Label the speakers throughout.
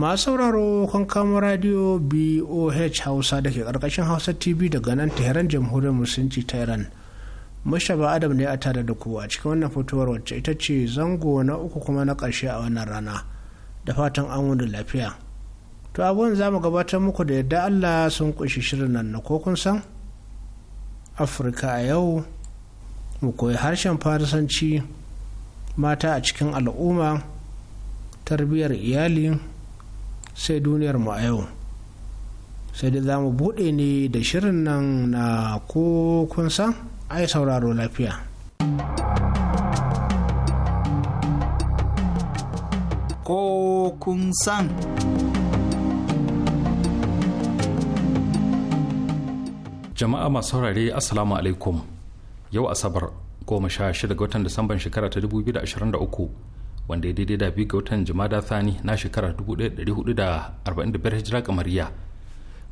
Speaker 1: masu sauraro kan kama radio boh hausa da ke karkashin hausa tv daga nan tehran jamhuriyar musulunci ta iran mashaba adam ne a tare da ku a cikin wannan fitowar wacce ita ce zango na uku kuma na karshe a wannan rana da fatan an wani lafiya to abuwan za mu gabatar muku da yadda allah sun kunshi shirin nan na ko kun san afirka a yau mu koyi harshen farisanci mata a cikin al'umma tarbiyyar iyali sai duniyar mu a yau sai dai za mu buɗe ne da shirin nan na ko kun san ai sauraro lafiya
Speaker 2: ko kun san
Speaker 3: jama'a masu saurare assalamu alaikum yau asabar goma sha shida ga watan disamban shekara ta 2023 wanda ya daidai da biyu ga watan jimada thani na da 1445 hijira kamariya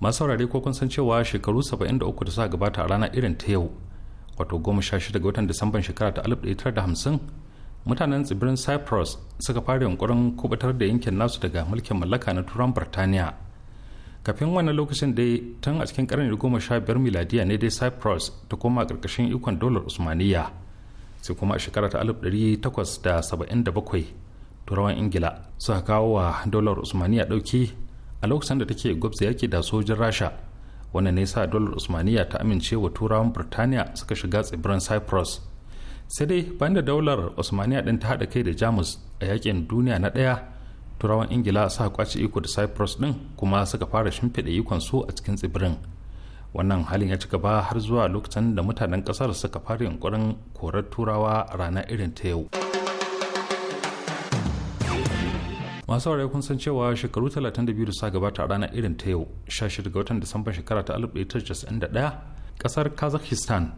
Speaker 3: masu saurare ko kun san cewa shekaru saba'in da uku suka gabata a rana irin ta yau wato 16 ga watan disamban shekara ta hamsin mutanen tsibirin cyprus suka fara yunkurin kubutar da yankin nasu daga mulkin mallaka na turan birtaniya kafin wannan lokacin dai tun a cikin karni goma sha biyar miladiya ne dai cyprus ta koma karkashin ikon dolar usmaniya sai kuma a shekara ta bakwai turawan ingila suka kawo wa dolar usmaniya dauki a lokacin da take gwabza yaki da sojin rasha wannan ne sa dolar usmaniya ta amince wa turawan birtaniya suka shiga tsibirin cyprus sai dai bayan da daular usmaniya din ta haɗa kai da jamus a yakin duniya na ɗaya turawan ingila suka kwace iko da cyprus din kuma suka fara shimfiɗa ikon su a cikin tsibirin wannan halin ya ci gaba har zuwa lokacin da mutanen kasar suka fara yunkurin korar turawa a rana irin ta yau masu ware kun san cewa shekaru 32 da sa gabata a rana irin ta yau 16 ga watan disamban shekara ta 1991 kasar kazakhstan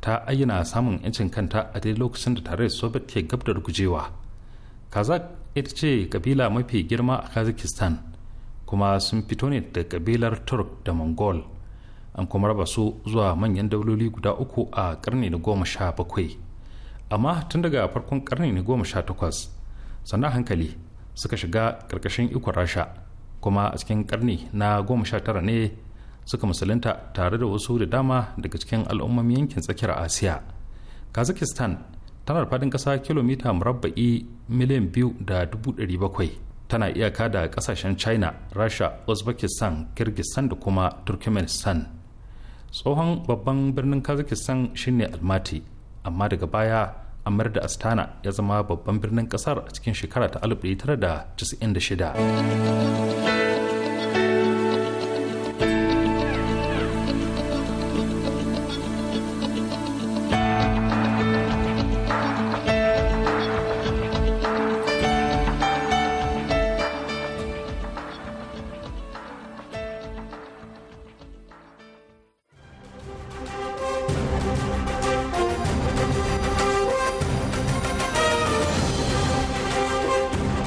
Speaker 3: ta ayyana samun 'yancin kanta a daidai lokacin da tare soviet ke gab da rugujewa kazak ita ce kabila mafi girma a kazakhstan kuma sun fito ne da kabilar turk da mongol an kuma raba su zuwa manyan dauloli guda uku a karni na goma sha bakwai amma tun daga farkon karni na goma sha takwas sannan hankali suka shiga karkashin ikon rasha kuma a cikin karni na goma sha tara ne suka musulunta tare da wasu da dama daga cikin al'ummomi yankin tsakiyar asiya kazakistan tana da faɗin ƙasa kilomita murabba'i miliyan biyu da dubu ɗari bakwai tana iyaka da ƙasashen china rasha uzbekistan kirgistan da kuma turkmenistan tsohon babban birnin kazakistan shine almati amma daga baya amar da astana ya zama babban birnin kasar a cikin shekara ta 1996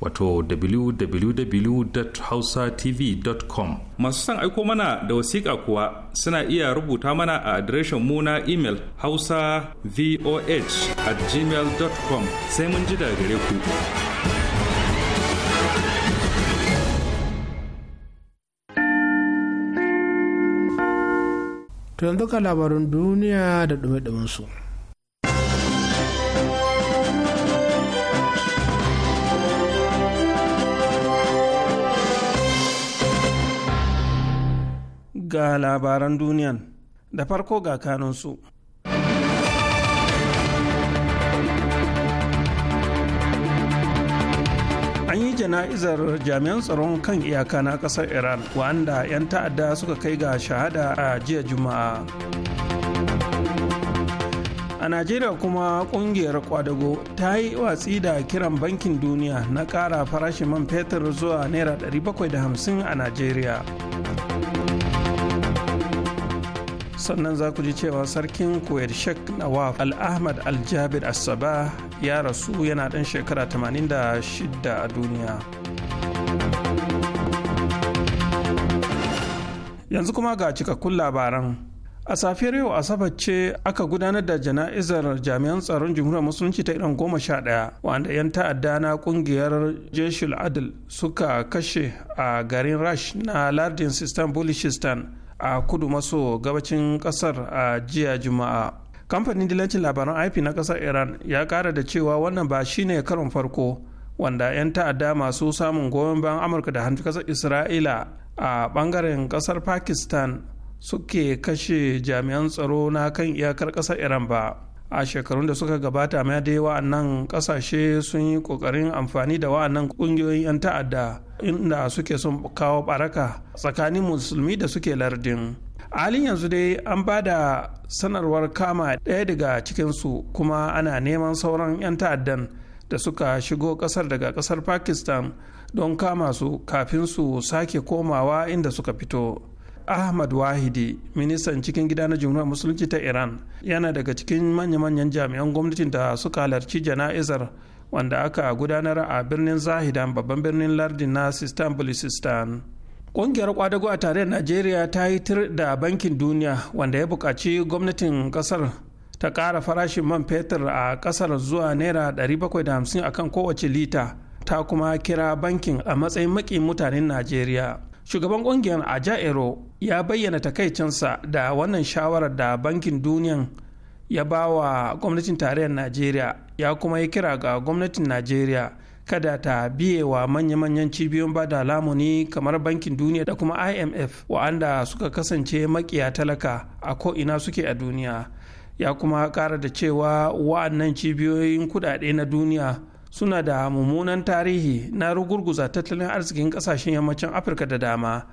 Speaker 3: wato www.hausatv.com masu son aiko mana da wasiƙa kuwa suna iya rubuta mana a adireshin mu na imel hausa voh at gmail.com sai mun ji daga gare ku
Speaker 1: to yanzu ka labarin duniya da ɗume su.
Speaker 4: ga labaran duniyan da farko ga kanunsu. an yi jana'izar jami'an tsaron kan iyaka na kasar iran wanda 'yan ta'adda suka kai ga shahada a jiya juma'a a najeriya kuma kungiyar kwadago ta yi watsi da kiran bankin duniya na kara farashin man fetur zuwa naira 750 a najeriya sannan za ku ji cewa sarkin kuwait shek nawaf al-ahmad al-jabir as ya rasu yana dan shekara 86 a duniya yanzu kuma ga cikakkun labaran a safiyar yau asabar ce aka gudanar da jana'izar jami'an tsaron jamhuriyar musulunci ta iran goma sha ɗaya wanda 'yan ta'adda na kungiyar jeshul adil suka kashe a garin rash na lardin sistan bulishistan a kudu maso gabacin kasar a jiya juma'a kamfanin dilancin labaran ip na kasar iran ya kara da cewa wannan ba shine karon farko wanda 'yan ta'adda masu samun goyon bayan amurka da hannun kasar isra'ila a bangaren kasar pakistan suke kashe jami'an tsaro na kan iyakar kasar iran ba a shekarun da suka gabata ma dai wa'annan kasashe sun yi kokarin amfani da wa'annan ƙungiyoyin 'yan ta'adda inda suke sun kawo baraka tsakanin musulmi da suke lardin halin yanzu dai an ba da sanarwar kama ɗaya daga cikinsu kuma ana neman sauran 'yan ta'addan da suka shigo ƙasar daga ƙasar pakistan don kama su kafin su sake komawa inda suka fito ahmad wahidi ministan cikin gida na jumhuriyar musulunci ta iran yana daga cikin manya-manyan jami'an gwamnatin da suka halarci jana'izar wanda aka gudanar a birnin zahidan babban birnin lardin na sistan bulisistan Ƙungiyar kwadago a tarayyar najeriya ta yi tir da bankin duniya wanda ya buƙaci gwamnatin ƙasar ta ƙara farashin man fetur a ƙasar zuwa naira 750 akan kowace lita ta kuma kira bankin a matsayin maki mutanen najeriya shugaban ƙungiyar aja ero ya bayyana takaicinsa da wannan shawarar da bankin duniyan ya ba wa gwamnatin tarayyar najeriya ya kuma yi kira ga gwamnatin najeriya kada ta biye wa manya-manyan cibiyoyin ba da lamuni kamar bankin duniya da kuma imf wa'anda suka kasance makiya talaka a ko'ina suke a duniya ya kuma kara da cewa wa'annan cibiyoyin kudade na duniya suna da mummunan tarihi na rugurguza tattalin arzikin kasashen yammacin afirka da dama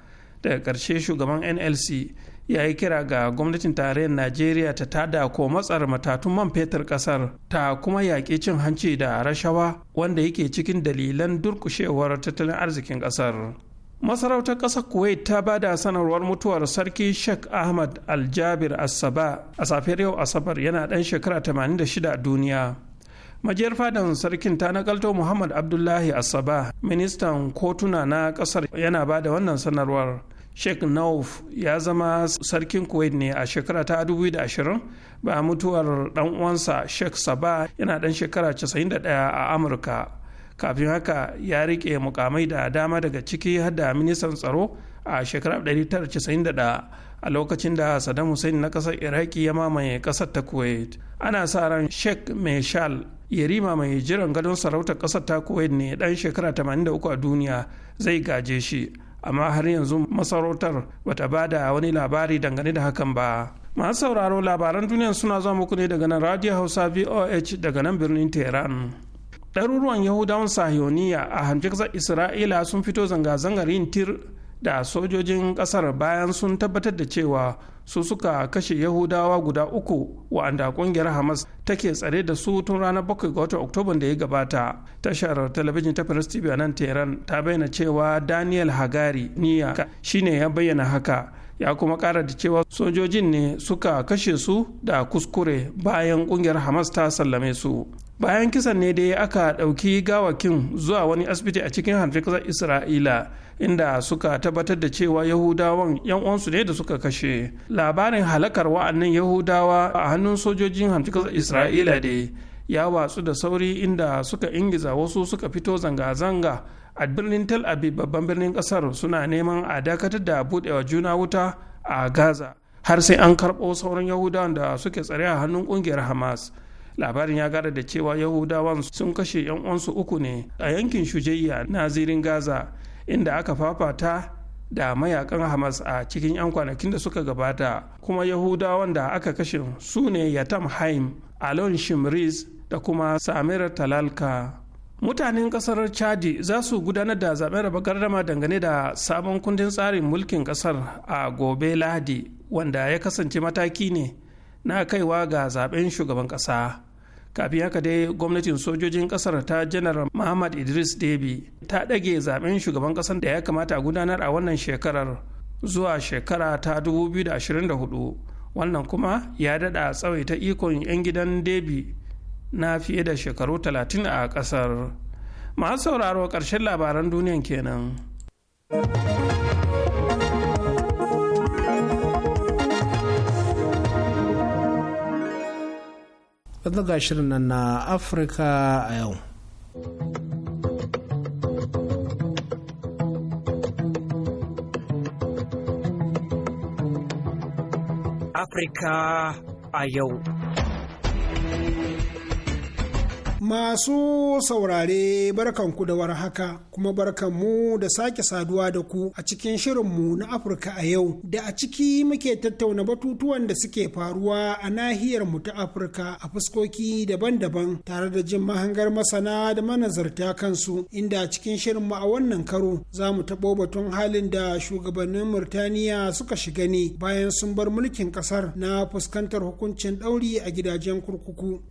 Speaker 4: daga ƙarshe shugaban nlc ya yi kira ga gwamnatin tarayyar najeriya ta tada ko matsar matatun man fetur kasar ta kuma yaƙi cin hanci da rashawa wanda yake cikin dalilan durkushewar tattalin arzikin kasar masarautar ƙasar kuwait ta ba da sanarwar mutuwar sarki sheikh ahmad aljabir asaba a safiyar yau asabar yana ɗan shekara 86 a duniya majiyar fadan sarkin ta nakalto muhammad abdullahi asaba ministan kotuna na ƙasar yana ba da wannan sanarwar sheikh nauf ya zama sarkin kuwait ne a shekara ta 2020 ba mutuwar dan uwansa sheikh sabah yana dan shekara 91 a amurka kafin haka ya rike mukamai da dama daga ciki har da ministan tsaro a shekara 1991 a lokacin da saddam hussein na kasar iraki ya mamaye kasar ta kuwait ana sa ran sheikh meshal yarima mai jiran gadon sarauta kasar ta kuwait ne dan shekara 83 a duniya zai gaje shi amma har yanzu masarautar bata ba da wani labari dangane da hakan ba masu sauraro labaran duniya suna zuwa muku ne daga nan radio hausa voh daga nan birnin tehran ɗaruruwan yahudawan sahiyoniya a hamshin isra'ila sun fito zanga-zangar yin tir da sojojin kasar bayan sun tabbatar da cewa su suka kashe yahudawa guda uku wa'anda kungiyar hamas take tsare da su tun ranar 7 ga watan oktoban da ya gabata tashar talabijin ta paris tv a nan tehran ta bayyana cewa daniel hagari niya shine ya bayyana haka ya kuma kara da cewa sojojin ne suka kashe su da kuskure bayan kungiyar hamas ta sallame su bayan kisan ne dai aka ɗauki gawakin zuwa wani asibiti a cikin kasar isra'ila inda suka tabbatar da cewa yahudawan yan uwansu ne da suka kashe labarin halakar wa'annan yahudawa a hannun sojojin hamshin isra'ila da ya watsu da sauri inda suka ingiza wasu suka fito zanga-zanga a birnin tel aviv babban birnin kasar suna neman a dakatar da budewa juna wuta a gaza har sai an karɓo sauran yahudawan da suke tsare a hannun ƙungiyar hamas labarin ya gada da cewa yahudawan sun kashe yan uku ne a yankin shujayya na zirin gaza inda aka fafata da mayakan hamas a cikin 'yan kwanakin da suka gabata kuma yahudawan da aka kashe su ne yatam haim alon shimris da kuma samira talalka mutanen kasar chadi za su gudanar da zaben raba gardama dangane da sabon kundin tsarin mulkin kasar a gobe lahadi wanda ya kasance mataki ne na kaiwa ga zaɓen shugaban kasa kafin haka dai gwamnatin sojojin kasar ta janar muhammad idris debi ta ɗage zaben shugaban ƙasar da ya kamata a gudanar a wannan shekarar zuwa shekara ta 2024 wannan kuma ya daɗa tsawaita ikon 'yan gidan debi na fiye da shekaru 30 a kasar masu sauraro ƙarshen labaran duniyan kenan.
Speaker 1: yanzu ga shirin nan na afirka a yau afirka a yau
Speaker 5: Masu saurare barkanku da warhaka kuma barkanmu da sake saduwa da ku a cikin shirinmu na Afirka a yau da a ciki muke tattauna batutuwan da suke faruwa a nahiyar mu ta Afirka a fuskoki daban-daban tare da jin mahangar masana da manazarta kansu inda a cikin shirinmu a wannan karo za mu taɓo batun halin da shugabannin Murtaniya suka shiga ne bayan sun bar mulkin ƙasar na fuskantar hukuncin ɗauri a gidajen kurkuku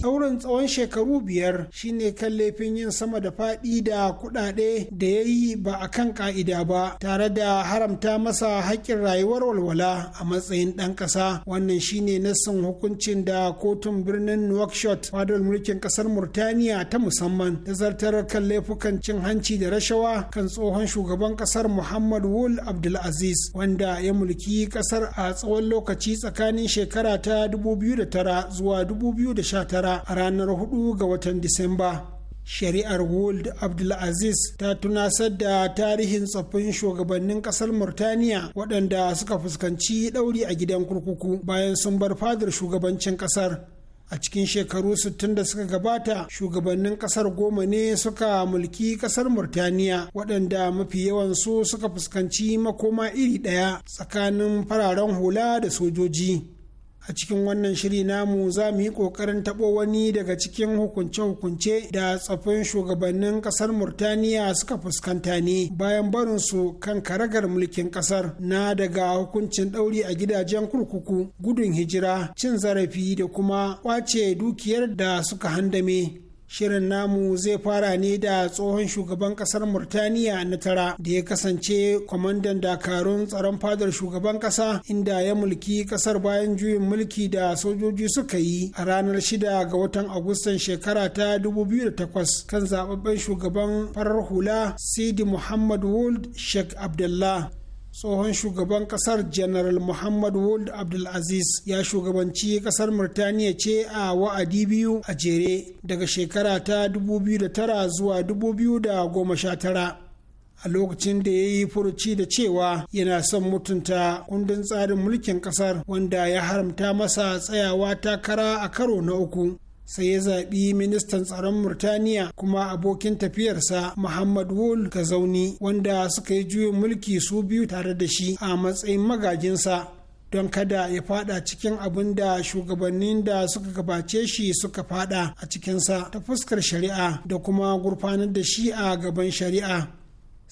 Speaker 5: sauran tsawon shekaru biyar shine kan laifin yin sama da faɗi da kuɗaɗe da ya yi ba a kan ƙa'ida ba tare da haramta masa haƙƙin rayuwar walwala a matsayin ɗan ƙasa wannan shine nassin hukuncin da kotun birnin nouakchott fadar mulkin ƙasar murtaniya ta musamman ta zartar kan laifukan cin hanci da rashawa kan tsohon shugaban ƙasar muhammad wul abdulaziz wanda ya mulki ƙasar a tsawon lokaci tsakanin shekara ta 2009 zuwa 2019 kasa a ranar 4 ga watan Disamba. shari'ar World Abdulaziz ta tunasar da tarihin tsoffin shugabannin kasar Murtaniya waɗanda suka fuskanci ɗauri a gidan kurkuku bayan sun bar fadar shugabancin kasar. A cikin shekaru 60 da suka gabata, shugabannin kasar goma ne suka mulki kasar Murtaniya waɗanda mafi yawansu suka fuskanci makoma iri ɗaya tsakanin fararen hula da sojoji. a cikin wannan shiri namu za mu yi ƙoƙarin taɓo wani daga cikin hukunce-hukunce da tsafin shugabannin ƙasar murtaniya suka fuskanta ne bayan barinsu kan karagar mulkin ƙasar na daga hukuncin ɗauri a gidajen kurkuku gudun hijira cin zarafi da kuma ƙwace dukiyar da suka handame Shirin namu zai fara ne da tsohon shugaban kasar Murtaniya na tara da ya kasance kwamandan dakarun tsaron fadar shugaban kasa inda ya mulki kasar bayan juyin mulki da sojoji suka yi a ranar shida ga watan Agustan shekara ta 2008 kan zababben shugaban farar hula Sidi Muhammad Wold Sheikh Abdullah. tsohon shugaban kasar general muhammad wold abdulaziz ya shugabanci kasar murtaniya ce a wa'adi biyu a jere daga shekara ta 2009 zuwa 2019 a lokacin da ya yi furuci da cewa yana son mutunta kundin tsarin mulkin kasar wanda ya haramta masa tsayawa takara a karo na uku sai ya zaɓi ministan tsaron Murtaniya kuma abokin tafiyarsa Muhammad Wul zauni wanda suka yi juyin mulki su biyu tare da shi a matsayin magajinsa. don kada ya fada cikin abin da shugabannin da suka gabace shi suka fada a cikinsa ta fuskar shari'a da kuma gurfanar da shi a gaban shari'a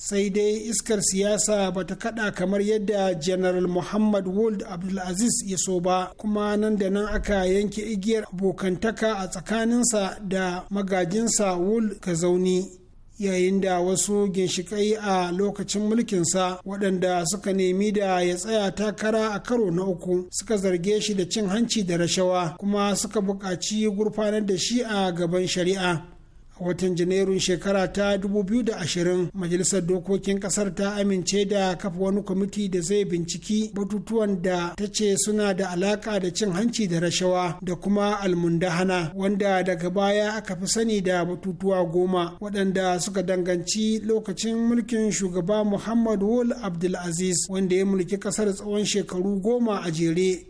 Speaker 5: sai dai iskar siyasa ba ta kada kamar yadda general muhammad wold abdulaziz ya so ba kuma nan da nan aka yanke igiyar abokantaka a tsakaninsa da magajinsa wold zauni yayin da wasu ginshikai a lokacin mulkinsa waɗanda suka nemi da ya tsaya takara a karo na uku suka zarge shi da cin hanci da rashawa kuma suka buƙaci gurfanar da shi a gaban shari'a a watan janairun shekara ta 2020 majalisar dokokin kasar ta amince da kafa wani kwamiti da zai binciki batutuwan da ta ce suna da alaka da cin hanci da rashawa da kuma almundahana wanda daga baya aka fi sani da batutuwa goma waɗanda suka danganci lokacin mulkin shugaba muhammad wol abdulaziz wanda ya mulki kasar tsawon shekaru goma a jere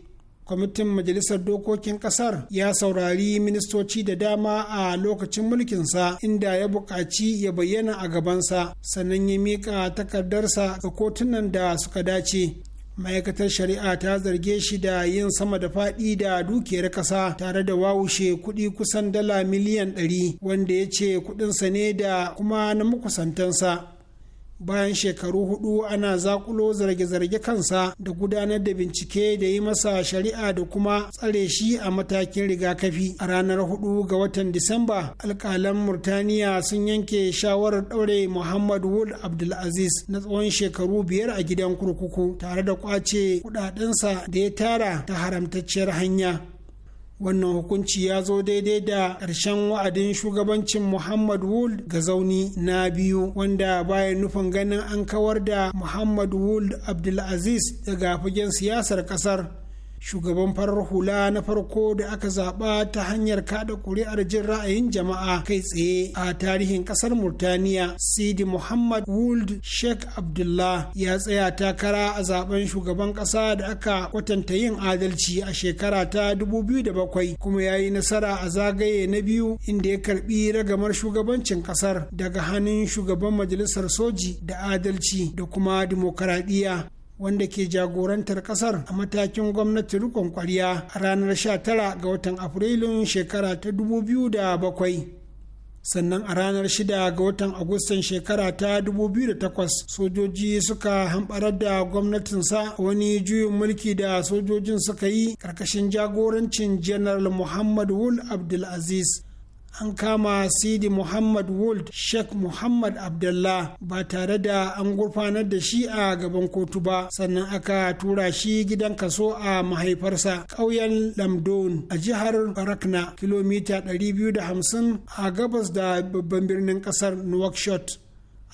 Speaker 5: kwamitin majalisar dokokin kasar ya saurari ministoci da dama a lokacin mulkinsa inda ya buƙaci ya bayyana a gabansa sannan ya miƙa takardarsa ga kotunan da suka dace ma'aikatar shari'a ta zarge shi da yin sama da faɗi da dukiyar ƙasa tare da wawushe kuɗi kusan dala miliyan 100 wanda ya ce kuɗinsa ne da kuma na makusantansa bayan shekaru hudu ana zakulo zarge-zarge kansa da gudanar da bincike da yi masa shari'a da kuma tsare shi a matakin rigakafi a ranar hudu ga watan disamba alkalan murtaniya sun yanke shawarar ɗaure muhammad wood abdulaziz na tsawon shekaru biyar a gidan kurkuku tare da kwace kudadensa da ya tara ta haramtacciyar hanya wannan hukunci ya zo daidai da ƙarshen wa'adin shugabancin muhammad wul ga zauni na biyu wanda bayan nufin ganin an kawar da muhammad wold abdulaziz daga fagen siyasar ƙasar shugaban farar hula na farko da aka zaba ta hanyar kada kuri'ar jin ra'ayin jama'a kai tsaye a tarihin ƙasar murtaniya sidi muhammad wold sheikh abdullah ya tsaya takara a zaben shugaban ƙasa da aka kwatanta yin adalci a shekara ta 2007 kuma ya yi nasara a zagaye na biyu inda ya karbi ragamar shugabancin ƙasar daga hannun shugaban majalisar soji da adalci da kuma dimokuraɗiyya wanda ke jagorantar kasar a matakin gwamnati rikon kwariya a ranar 19 ga watan afrilun shekara ta 2007 sannan a ranar 6 ga watan agustan shekara ta 2008 sojoji suka hamɓarar da gwamnatinsa wani juyin mulki da sojojin suka yi ƙarƙashin jagorancin janar Muhammadu wul abdulaziz an kama sidi muhammad wold sheikh muhammad abdullah ba tare da an gurfanar da shi a gaban kotu ba sannan aka tura shi gidan kaso a mahaifarsa ƙauyen lamdon a jihar barakna kilomita 250 a gabas da babban birnin ƙasar nouakchott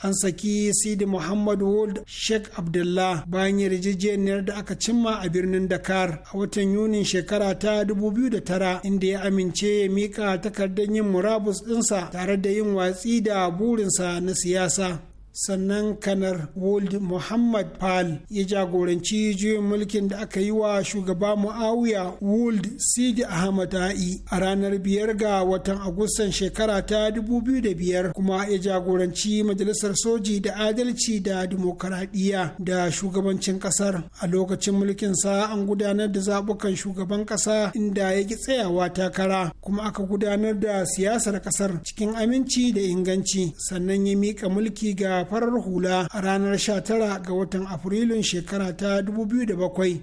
Speaker 5: an saki sidi muhammad wold sheikh abdullah bayan yarjejeniyar da aka cimma a birnin dakar a watan yunin shekara ta 2009 inda ya amince ya mika takardar yin murabus dinsa tare da yin watsi da burinsa na siyasa sannan kanar wold muhammad pal ya jagoranci juyin mulkin da aka yi wa shugaba muawiya wold sidi ahmad a'i a ranar biyar ga watan agustan shekara ta 2005 kuma ya jagoranci majalisar soji da adalci da dimokuraɗiyya da shugabancin ƙasar a lokacin mulkin sa an gudanar da zaɓukan shugaban ƙasa inda ya ki tsayawa takara kuma aka gudanar da siyasar ƙasar cikin aminci da inganci sannan ya miƙa mulki ga farar hula a ranar 19 ga watan afrilun shekara ta 2007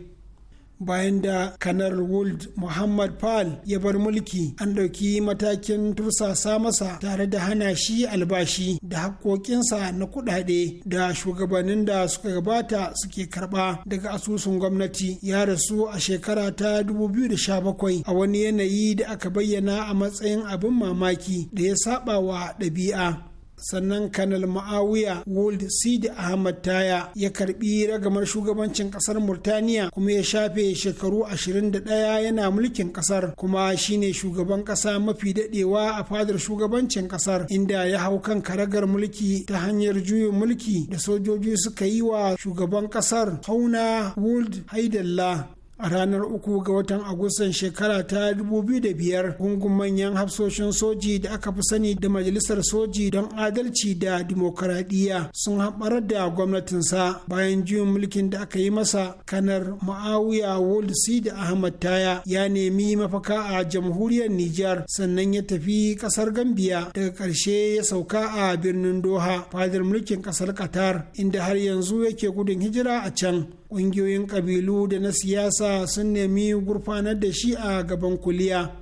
Speaker 5: bayan da kanar wold muhammad pal ya bar mulki an ɗauki matakin tursasa masa tare da hana shi albashi da haƙoƙinsa na kuɗaɗe da shugabannin da suka gabata suke karɓa daga asusun gwamnati ya rasu a shekara ta 2017 a wani yanayi da aka bayyana a matsayin abin mamaki da ya saba wa ɗabi'a sannan kanal ma'awiya wold sidi ahmad taya ya karbi ragamar shugabancin kasar murtaniya kuma ya shafe shekaru 21 yana mulkin kasar kuma shine shugaban kasa mafi dadewa a fadar shugabancin kasar inda ya hau kan karagar mulki ta hanyar juyin mulki da sojoji suka yi wa shugaban kasar hauna wold haidalla a ranar uku ga watan agustan shekara ta 2005 gungun manyan hafsoshin soji da aka fi sani da majalisar soji don adalci da dimokuraɗiyya sun haɓar da gwamnatinsa bayan juyin mulkin da aka yi masa kanar ma'awuya wolsi da ahmad taya ya nemi mafaka a jamhuriyar nijar sannan ya tafi ƙasar gambia daga ƙarshe ya sauka a birnin doha fadar mulkin ƙasar qatar inda har yanzu yake gudun hijira a can ƙungiyoyin ƙabilu da na siyasa sun nemi gurfanar da shi a gaban kuliya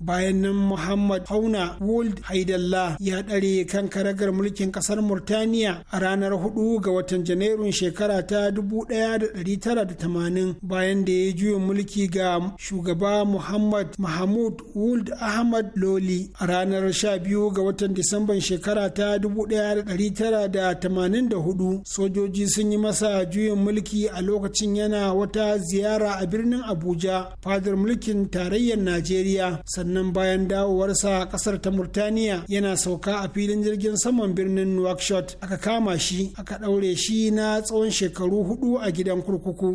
Speaker 5: bayan nan muhammad hauna wold haidalla ya ɗare kan karagar mulkin ƙasar murtaniya a ranar 4 ga watan janairun shekara ta 1980 bayan da ya juyin mulki ga shugaba muhammad mahmud wold ahmad loli a ranar 12 ga watan disamban shekara ta 1984 sojoji sun yi masa juyin mulki a lokacin yana wata ziyara a birnin abuja fadar mulkin tarayyar najeriya sannan sannan bayan dawowarsa a kasar ta murtaniya yana sauka a filin jirgin saman birnin nouakchott aka kama shi aka ɗaure shi na tsawon shekaru hudu a gidan kurkuku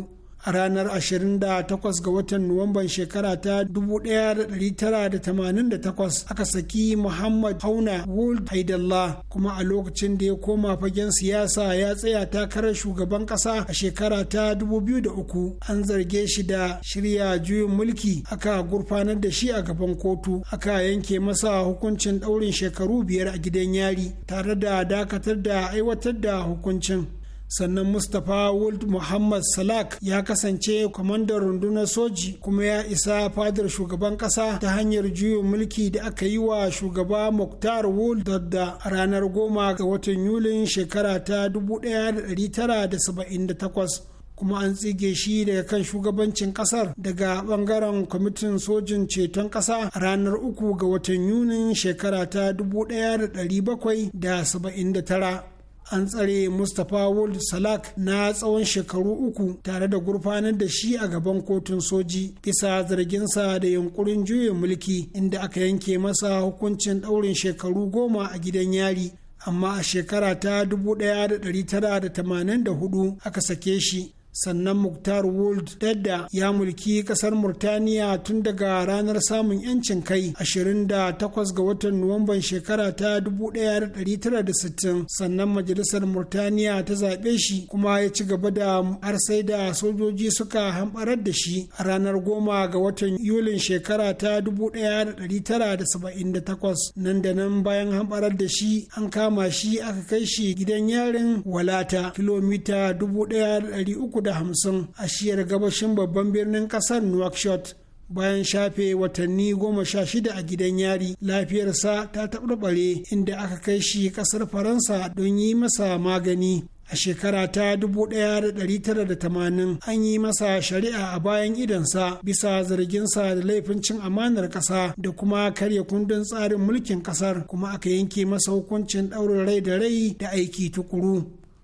Speaker 5: a ranar 28 ga watan Nuwamban shekara ta 1988 aka saki Muhammad Hauna Wold haidalla kuma a lokacin da ya koma fagen siyasa ya tsaya takarar shugaban ƙasa a shekara ta 2003 an zarge shi da shirya juyin mulki aka gurfanar da shi a gaban kotu aka yanke masa hukuncin ɗaurin shekaru biyar a gidan yari tare da dakatar da aiwatar da hukuncin. sannan mustapha wold muhammad salak ya kasance kwamandan rundunar soji kuma ya isa fadar shugaban kasa ta hanyar juyin mulki da aka yi wa shugaba muktar wold da ranar goma ga watan yulin shekara ta 1978 kuma an tsige shi daga kan shugabancin kasar daga bangaren kwamitin sojin ceton kasa ranar uku ga watan yunin shekara ta 1779 an tsare mustapha wold salak na tsawon shekaru uku tare da gurfanar da shi a gaban kotun soji bisa zarginsa da yunkurin juyin mulki inda aka yanke masa hukuncin ɗaurin shekaru goma a gidan yari amma a shekara ta 1984 aka sake shi sannan muktar Wold Dadda ya mulki kasar Murtaniya tun daga ranar samun 'yancin kai 28 ga watan Nuwamban shekara ta 1960 sannan majalisar Murtaniya ta zaɓe shi kuma ya ci gaba da har sai da sojoji suka hamɓarar da shi a ranar 10 ga watan Yulin shekara ta 1978 nan da nan bayan hamɓarar da shi an kama shi aka kai shi gidan yarin Walata kilomita 1300 da hamsin a shiyar gabashin babban birnin kasar Nouakchott bayan shafe watanni goma sha shida a gidan yari lafiyarsa ta taɓarɓare inda aka kai shi ƙasar faransa don yi masa magani a shekara ta 1980 an yi masa shari'a a bayan idansa bisa zarginsa da laifin cin amanar ƙasa da kuma karya kundin tsarin mulkin ƙasar kuma aka yanke masa hukuncin ɗaurin rai da rai da aiki tukuru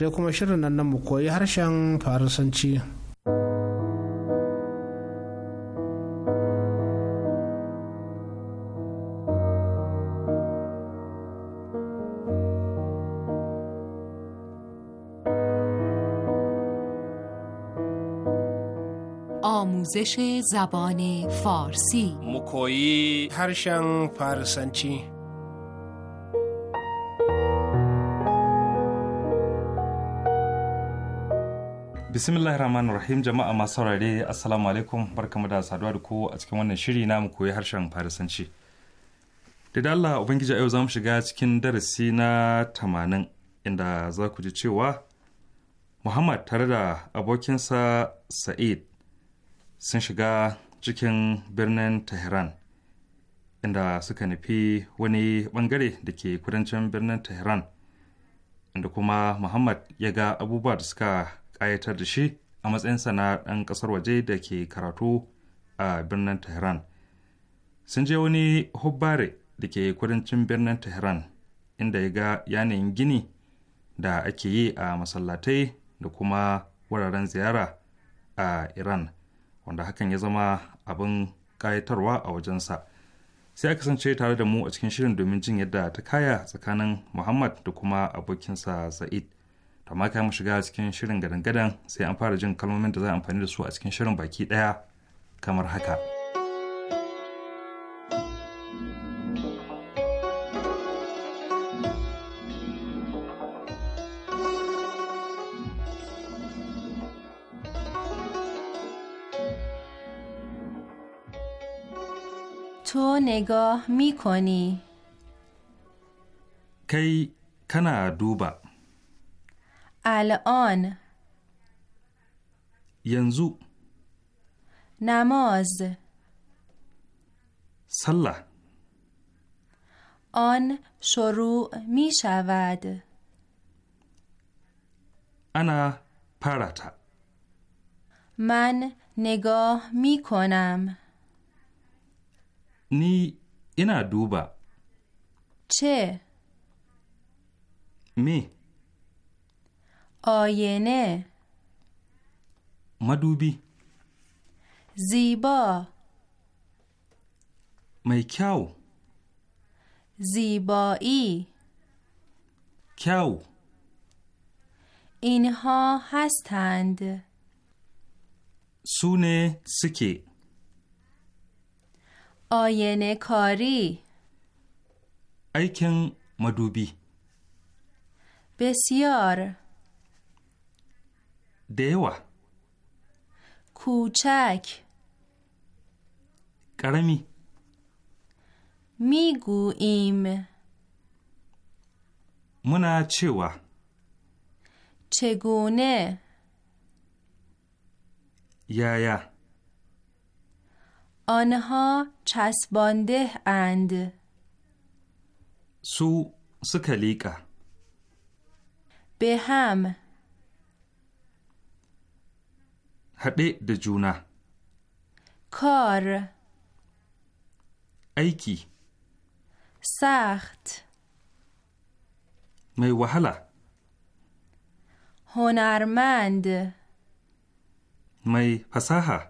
Speaker 1: sai kuma shirin nan mu koyi harshen farisanci.
Speaker 6: آموزش زبان فارسی
Speaker 1: مکویی هرشن فارسنچی
Speaker 3: Bismillahirrahmanirrahim jama'a masu saurare assalamu alaikum barkamu da saduwa da ku a cikin wannan shiri na koyi harshen farisanci. Da Allah Ubangiji yau za mu shiga cikin darasi na tamanin inda za ku ji cewa Muhammad tare da abokinsa Sa'id sun shiga cikin birnin Tehran inda suka nufi wani bangare da ke kudancin birnin Tehran inda kuma Muhammad ya ga abubuwa da suka ƙayatar da shi a matsayinsa na ɗan ƙasar waje da ke karatu a birnin Tehran. Sun je wani hubbare da ke kudancin birnin Tehran inda ya ga yanayin gini da ake yi a masallatai da kuma wuraren ziyara a Iran wanda hakan ya zama abin ƙayatarwa a wajensa. sai a kasance tare da mu a cikin shirin domin jin yadda ta kaya tsakanin Muhammad da kuma abokinsa Sa'id. to ma mu shiga cikin shirin gadan-gadan sai an fara jin kalmomin da za a amfani da su a cikin shirin baki ɗaya kamar haka.
Speaker 6: تو نگاه می کنی
Speaker 3: کی کنا duba.
Speaker 6: الان ینزو نماز صلح آن شروع می شود
Speaker 3: انا پرتا
Speaker 6: من نگاه می کنم
Speaker 3: نی اینا دوبا چه می
Speaker 6: آینه مدوبی زیبا
Speaker 3: میکاو
Speaker 6: زیبایی کاو اینها هستند
Speaker 3: سونه سکی
Speaker 6: آینه کاری
Speaker 3: ایکن مدوبی
Speaker 6: بسیار دیوا کوچک کرمی میگوییم
Speaker 3: منا چوا
Speaker 6: چگونه یا یا آنها چسبانده اند
Speaker 3: سو سکلیکا
Speaker 6: به هم
Speaker 3: haɗe da juna
Speaker 6: Kor. aiki سخت mai wahala هنرمند
Speaker 3: mai fasaha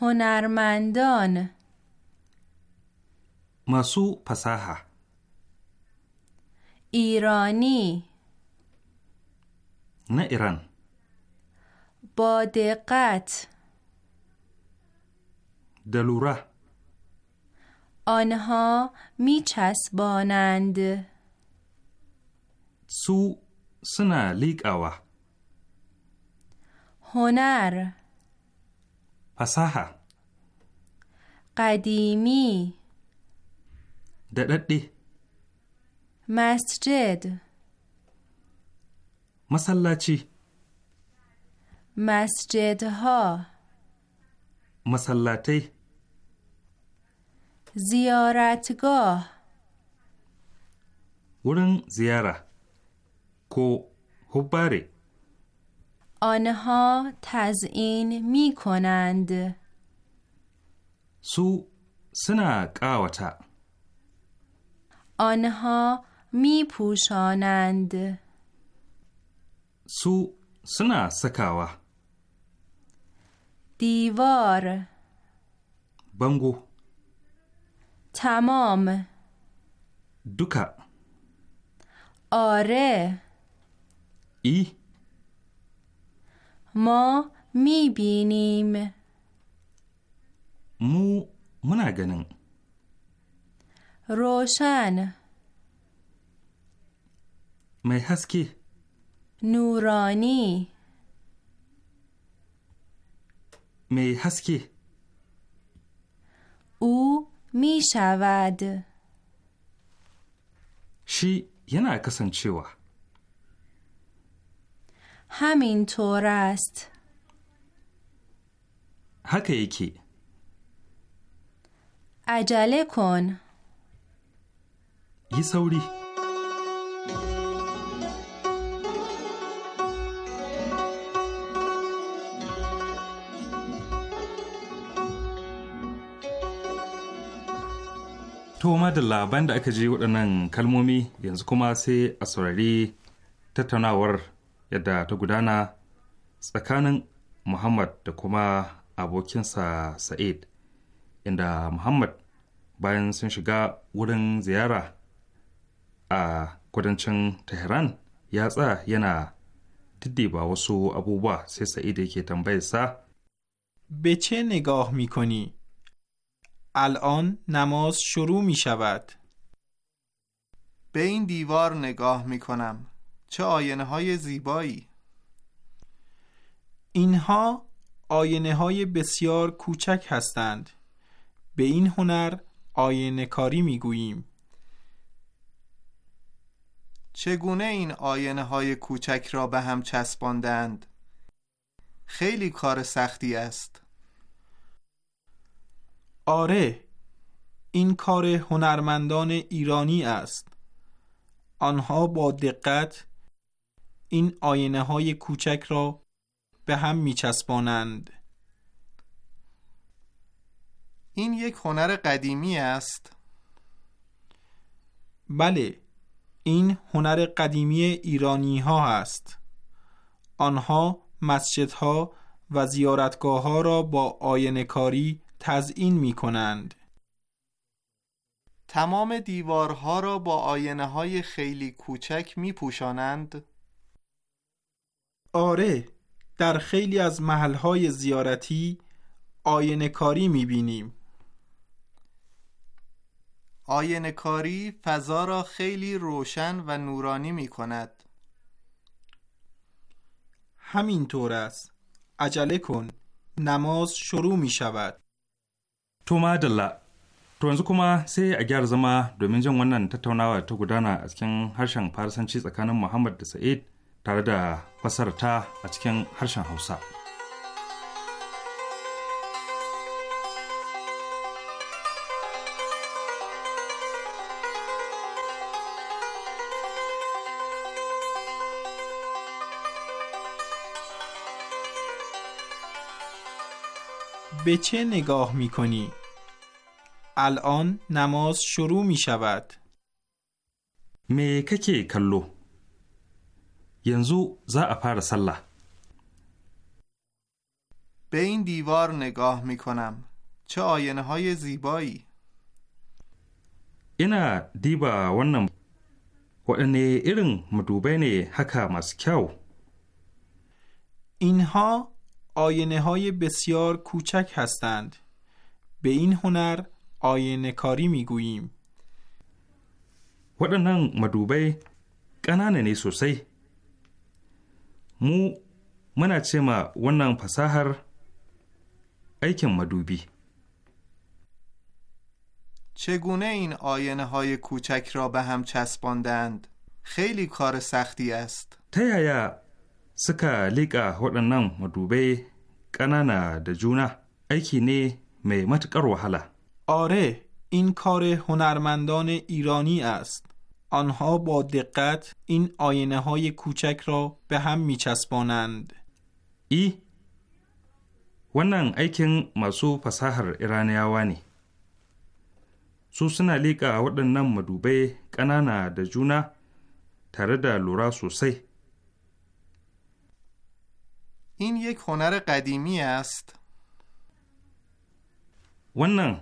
Speaker 6: هنرمندان
Speaker 3: masu fasaha
Speaker 6: Irani. na iran با دقت دلوره آنها می چسبانند
Speaker 3: سو سنا لیک اوه
Speaker 6: هنر فساحه قدیمی دددی مسجد
Speaker 3: مسلاچی
Speaker 6: مسجدها
Speaker 3: مسلاتی
Speaker 6: زیارتگاه
Speaker 3: ورن زیاره کو حباره
Speaker 6: آنها تزئین می کنند
Speaker 3: سو سنا قاوتا
Speaker 6: آنها می پوشانند
Speaker 3: سو سنا سکاوه
Speaker 6: دیوار بانگو تمام دوکا آره ای ما میبینیم
Speaker 3: مو مناگنن
Speaker 6: روشن
Speaker 3: مهسکی
Speaker 6: نورانی
Speaker 3: می هسکی
Speaker 6: او می شود
Speaker 3: شی ینا کسنچیوا
Speaker 6: همین طور است haka yake. Ajale kon.
Speaker 3: Yi sauri. To madalla bayan da aka ji waɗannan kalmomi yanzu kuma sai a saurari tattaunawar yadda ta gudana tsakanin Muhammad da kuma abokinsa Sa'id, inda Muhammad bayan sun shiga wurin ziyara a kudancin Tehran ya tsa yana diddiba wasu abubuwa sai Sa'id
Speaker 2: yake tambayarsa. bece ce ne ga mikoni? الان نماز شروع می شود به این دیوار نگاه می کنم چه آینه های زیبایی اینها آینه های بسیار کوچک هستند به این هنر آینه کاری می گوییم
Speaker 7: چگونه این آینه های کوچک را به هم چسباندند
Speaker 2: خیلی کار سختی است آره این کار هنرمندان ایرانی است آنها با دقت این آینه های کوچک را به هم می چسبانند. این یک هنر قدیمی است بله این هنر قدیمی ایرانی ها است آنها مسجدها و زیارتگاه ها را با آینه تزئین می کنند. تمام دیوارها را با آینه های خیلی کوچک می پوشانند؟ آره در خیلی از محلهای زیارتی آینه کاری می بینیم آینه کاری فضا را خیلی روشن و نورانی می کند همینطور است عجله کن نماز شروع می شود To madalla,
Speaker 3: to yanzu kuma sai a gyara zama domin jin wannan tattaunawa ta gudana a cikin harshen Farisanci tsakanin Muhammad da Sa'id tare da fasarta a cikin harshen Hausa.
Speaker 2: به چه نگاه می کنی؟ الان نماز شروع می شود. می ککه کلو ینزو زا اپار سلا
Speaker 7: به این دیوار نگاه می کنم. چه آینه های زیبایی.
Speaker 3: اینا دیبا ونم و اینه
Speaker 2: ایرن ne haka اینها؟ آینه های بسیار کوچک هستند به این هنر آینه کاری می گوییم waɗannan
Speaker 3: madubai ƙanana مو مو منا چه ما ma wannan fasahar aikin
Speaker 7: چگونه این آینه های کوچک را به هم چسباندند؟ خیلی کار سختی است.
Speaker 3: تیایا suka liƙa waɗannan madubai
Speaker 2: ƙanana da juna aiki ne mai matuƙar wahala. ore in kore هنرمندان ایرانی است آنها با دقت این آینه های کوچک را به هم می چسبانند wannan aikin masu fasahar iraniyawa ne
Speaker 3: su suna liƙa waɗannan madubai ƙanana da juna tare da lura sosai این یک هنر قدیمی است ونن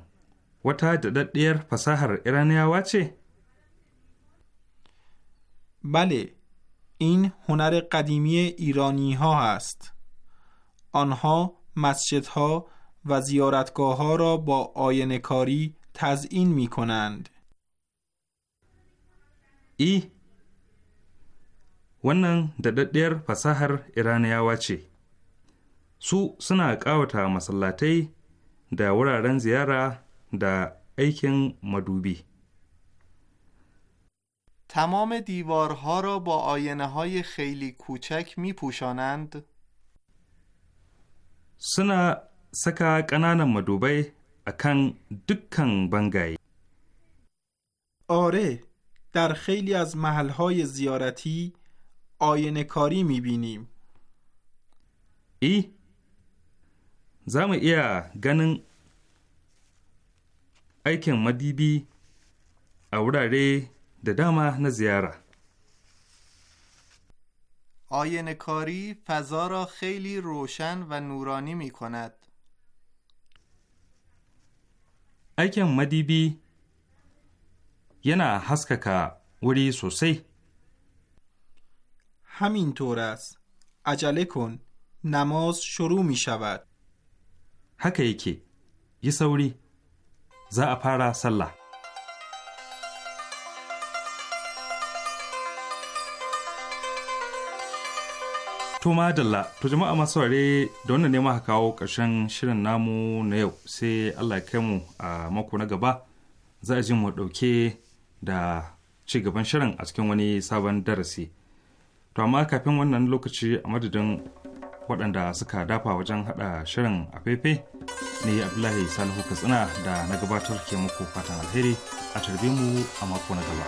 Speaker 3: وتا
Speaker 2: ددیر فساهر ایرانیا چه بله این هنر قدیمی ایرانی ها است آنها مسجدها و زیارتگاه ها را با آینه کاری تزئین می کنند ای
Speaker 3: ونن ددیر فساهر ایرانیا واچه. su suna ƙawata masallatai da wuraren ziyara da aikin madubi.
Speaker 7: تمام دیوارها را با آینه های خیلی کوچک می پوشانند؟
Speaker 3: سنا سکا قنان مدوبه اکن دکن بنگای
Speaker 2: آره در خیلی از محلهای زیارتی آینه کاری می بینیم ای za mu iya ganin
Speaker 3: aikin madibi a wurare da dama na ziyara.
Speaker 7: آینه کاری فضا را خیلی روشن و نورانی می کند.
Speaker 3: ایکن
Speaker 2: مدیبی ینا حسککا وری سوسی همینطور است. عجله کن. نماز شروع می شود. haka yake yi sauri za a
Speaker 3: fara sallah To dalla to jama'a masu ware da wannan ne maka kawo ƙarshen shirin namu na yau sai Allah ya kai mu a mako na gaba za a ji mu ɗauke da ci gaban shirin a cikin wani sabon darasi. To amma kafin wannan lokaci a madadin waɗanda suka dafa wajen haɗa shirin a faifai ne abdullahi salihu katsina da na gabatar ke muku fatan alheri a tarbe mu a mako na gaba.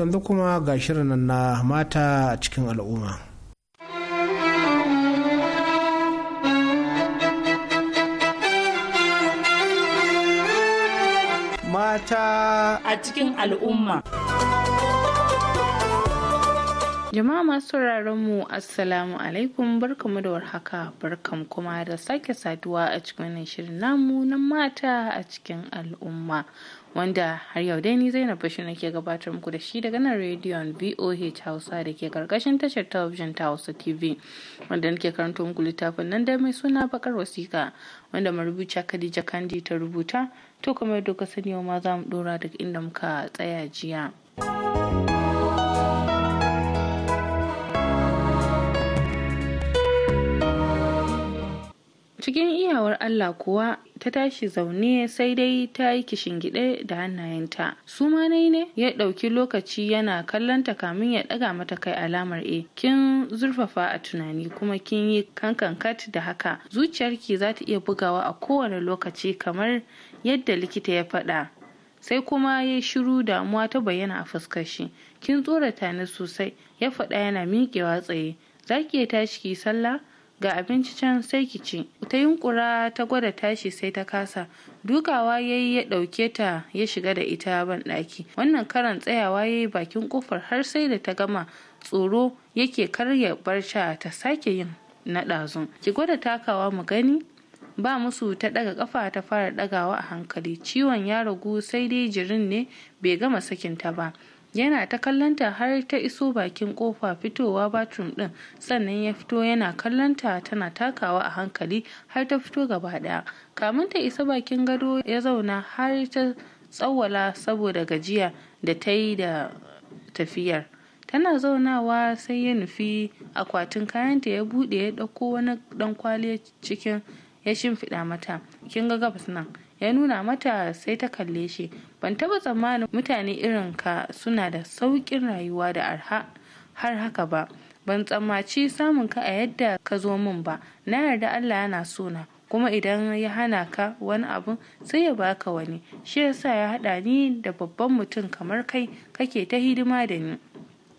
Speaker 1: yanzu kuma ga shirin na mata a cikin al'umma.
Speaker 8: ta a cikin al'umma. Jama'a masu mu Assalamu alaikum barkamu da warhaka barkam kuma da sake saduwa a cikin wannan shirin namu na mata a cikin al'umma. Wanda har yau dai ni Zainab Bashir nake gabatar muku da shi daga nan rediyon VOH Hausa da ke karkashin tashar talabijin ta Hausa TV wanda nake karanto muku littafin nan da mai suna bakar wasika wanda marubuciya Khadija Kandi ta rubuta to kamar yadda ka sani ma za mu dora daga inda muka tsaya jiya cikin iyawar Allah kuwa ta tashi zaune sai dai ta yi kishin kishingiɗe da hannayenta su ma nai ne ya ɗauki lokaci yana kallonta kamin ya ɗaga mata kai alamar A. Eh. kin zurfafa a tunani kuma kin yi kankankat da haka zuciyarki za ta iya bugawa a kowane lokaci kamar yadda likita ya faɗa sai kuma ya yi shiru damuwa ta bayyana a fuskar shi kin tsorata ni sosai ya faɗa yana miƙewa tsaye za ki iya tashi ki sallah ga abinci can sai ki ci ta yunkura ta gwada tashi sai ta kasa dukawa ya yi ya ɗauke ta ya shiga da ita ban ɗaki wannan karan tsayawa ya yi bakin ƙofar har sai da ta gama tsoro yake karya barca ta sake yin na ɗazun ki gwada takawa mu gani ba musu ta daga kafa ta fara dagawa a hankali ciwon ya ragu sai dai jirin ne bai gama sakinta ba yana ta kallonta har ta iso bakin kofa fitowa bathroom din sannan ya fito yana kallonta tana takawa a hankali har ta fito gaba daya kamun ta isa bakin gado ya zauna har ta tsawwala saboda gajiya da ta yi da tafiyar tana zaunawa sai ya nufi akwatin kayanta ya bude ya dauko wani dan kwali cikin ya shimfiɗa mata kin ga gabas nan ya nuna mata sai ta kalle shi ban taɓa tsammanin mutane irin ka suna da sauƙin rayuwa da arha har haka ba ban tsammaci samun ka a yadda ka zo min ba na yarda Allah yana so na kuma idan ya hana ka wani abu sai ya baka wani shi yasa ya haɗa ni da babban mutum kamar kai kake ta hidima da ni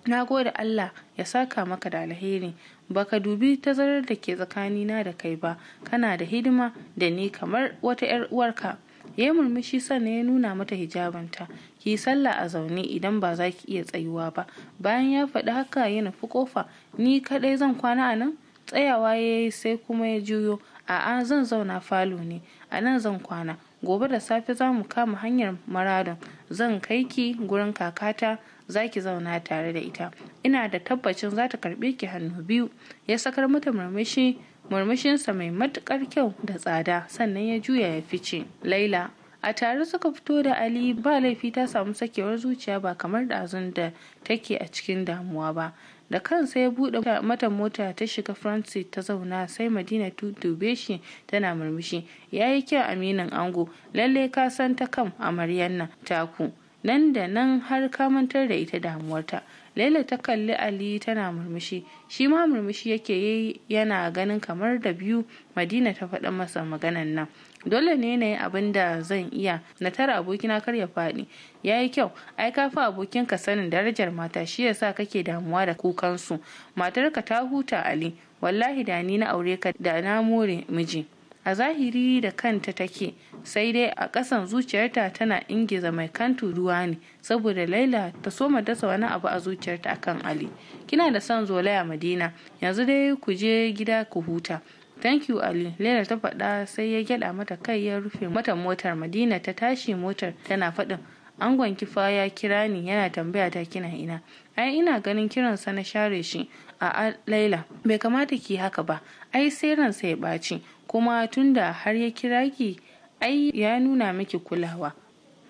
Speaker 8: na gode Allah ya saka maka da alheri ba ka dubi tazarar da ke tsakanina da kai ba kana da hidima da ni kamar wata 'yar uwarka ya yi murmushi sannan ya nuna mata hijabanta ki sallah a zaune idan ba za ki iya tsayuwa ba bayan ya faɗi haka ya nufi kofa ni kaɗai zan kwana a nan tsayawa ya yi sai kuma ya juyo a'a zan zauna falo ne a nan zan kwana gobe da safe za mu kama hanyar maradon zan kai ki gurin kakata za ki zauna tare da ita ina da tabbacin za ta karɓe ki hannu biyu ya sakar mata murmushi murmushinsa mai matukar kyau da tsada sannan ya juya ya fice laila a tare suka fito da ali ba laifi ta samu sakewar zuciya ba kamar ɗazun da take a cikin damuwa ba da kansa ya buɗe mata mota ta shiga front ta zauna sai madina dube shi tana murmushi ya yi kyau aminin ango lallai ka san ta kam amaryan nan taku nan da nan har ka mantar da ita damuwarta laila ta kalli ali tana murmushi shi ma murmushi yake yi yana ganin kamar da biyu madina ta faɗa masa maganan nan dole ne na yi abin da zan iya na tara abokina kar ya faɗi ya yi kyau ai ka fi abokinka sanin darajar mata shi yasa kake damuwa da kukansu matarka ta huta ali wallahi da ni na aure ka da na more miji a zahiri da kanta take sai dai a ƙasan zuciyarta tana ingiza mai kan ruwa ne saboda laila ta soma dasa wani abu a zuciyarta akan ali kina da son zolaya madina yanzu dai ku je gida ku huta thank you ali laila ta faɗa sai ya gyaɗa mata kai ya rufe mata motar madina ta tashi motar tana faɗin angon kifa ya kira ni yana tambaya ta kina ina ai ina ganin kiransa na share shi a laila bai kamata ki haka ba ai sai ransa ya ɓaci kuma tunda har ya kira ki ai ya nuna miki kulawa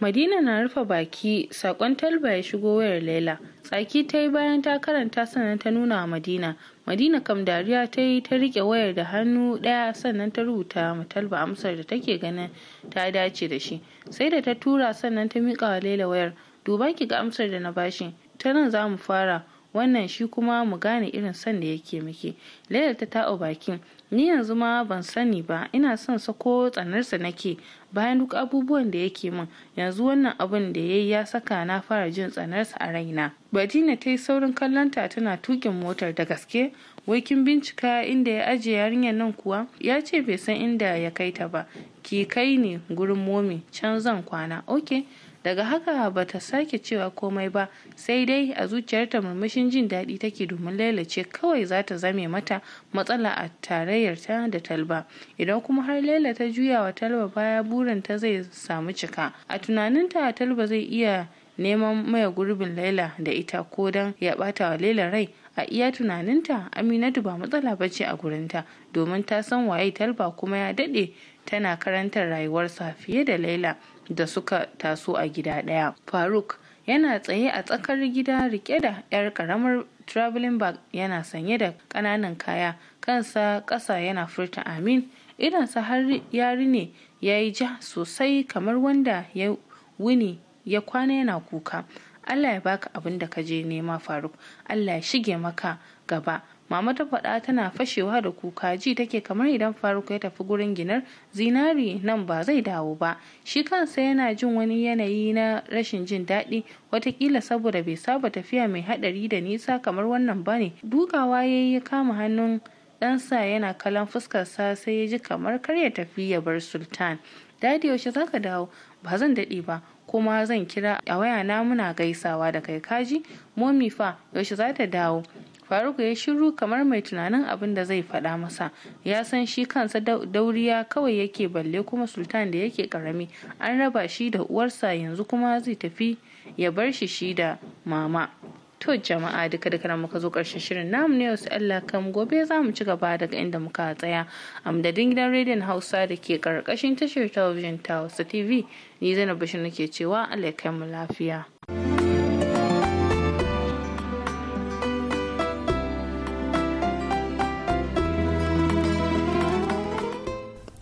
Speaker 8: madina na rufe baki sakon talba ya shigo wayar laila tsaki ta yi bayan ta karanta sannan ta nuna wa madina madina kam dariya ta yi ta rike wayar da hannu daya sannan ta rubuta ma talba amsar da take ganin ta dace da shi sai da ta tura sannan ta miƙa wa laila wayar duba ki ga amsar da na bashi ta nan za mu fara wannan shi kuma mu gane irin son da yake miki laila ta taɓa bakin ni yanzu ma ban sani ba ina son sako tsanarsa nake bayan duk abubuwan da yake min yanzu wannan abin da yayi ya saka na fara jin tsanarsa a raina badina ta yi saurin kallonta tana tukin motar da gaske wai kin bincika inda ya ajiye yarinyar nan kuwa ya ce bai san inda ya kai ta ba ki kai ne gurin momi can zan kwana ok. daga haka ba ta sake cewa komai ba sai dai a zuciyarta murmushin jin daɗi take domin laila ce kawai za ta zame mata matsala a tarayyar ta da talba idan kuma har laila ta juya wa talba baya burin ta zai samu cika a tunaninta talba zai iya neman maya gurbin laila da ita ko don ya ɓata wa laila rai a iya tunaninta aminatu ba matsala ba ce a gurinta domin ta san waye talba kuma ya daɗe tana karantar rayuwarsa fiye da laila da suka taso a gida ɗaya. Faruk yana tsaye a tsakar gida rike da 'yar ƙaramar traveling bag yana sanye da ƙananan kaya kansa ƙasa yana furta amin idansa har yari ne ya yi ja sosai kamar wanda ya wuni ya kwana yana kuka allah ya baka abin da ka je nema faruk allah ya shige maka gaba mama ta faɗa tana fashewa da kuka ji take kamar idan faruk ya tafi gurin ginar zinari nan ba zai dawo ba shi kansa yana jin wani yanayi na rashin jin daɗi watakila saboda bai saba tafiya mai haɗari da nisa kamar wannan ba ne. dukawa ya yi kama hannun ɗansa yana kalan fuskarsa sai ya ji kamar kar ya tafi ya bar sultan dadi yaushe za ka dawo ba zan daɗe ba kuma zan kira a waya na muna gaisawa da kai kaji momi fa yaushe za ta dawo faruk ya shiru kamar mai tunanin abin da zai faɗa masa ya san shi kansa dauriya kawai yake balle kuma sultan da yake karami an raba shi da uwarsa yanzu kuma zai tafi ya bar shi shi da mama to jama'a duka duka da muka zo karshen shirin namu ne wasu Allah kam gobe za mu ci gaba daga inda muka tsaya a madadin gidan rediyon hausa da ke karkashin tashar talabijin ta hausa tv ni zainab bashir nake cewa Allah ya kai mu lafiya.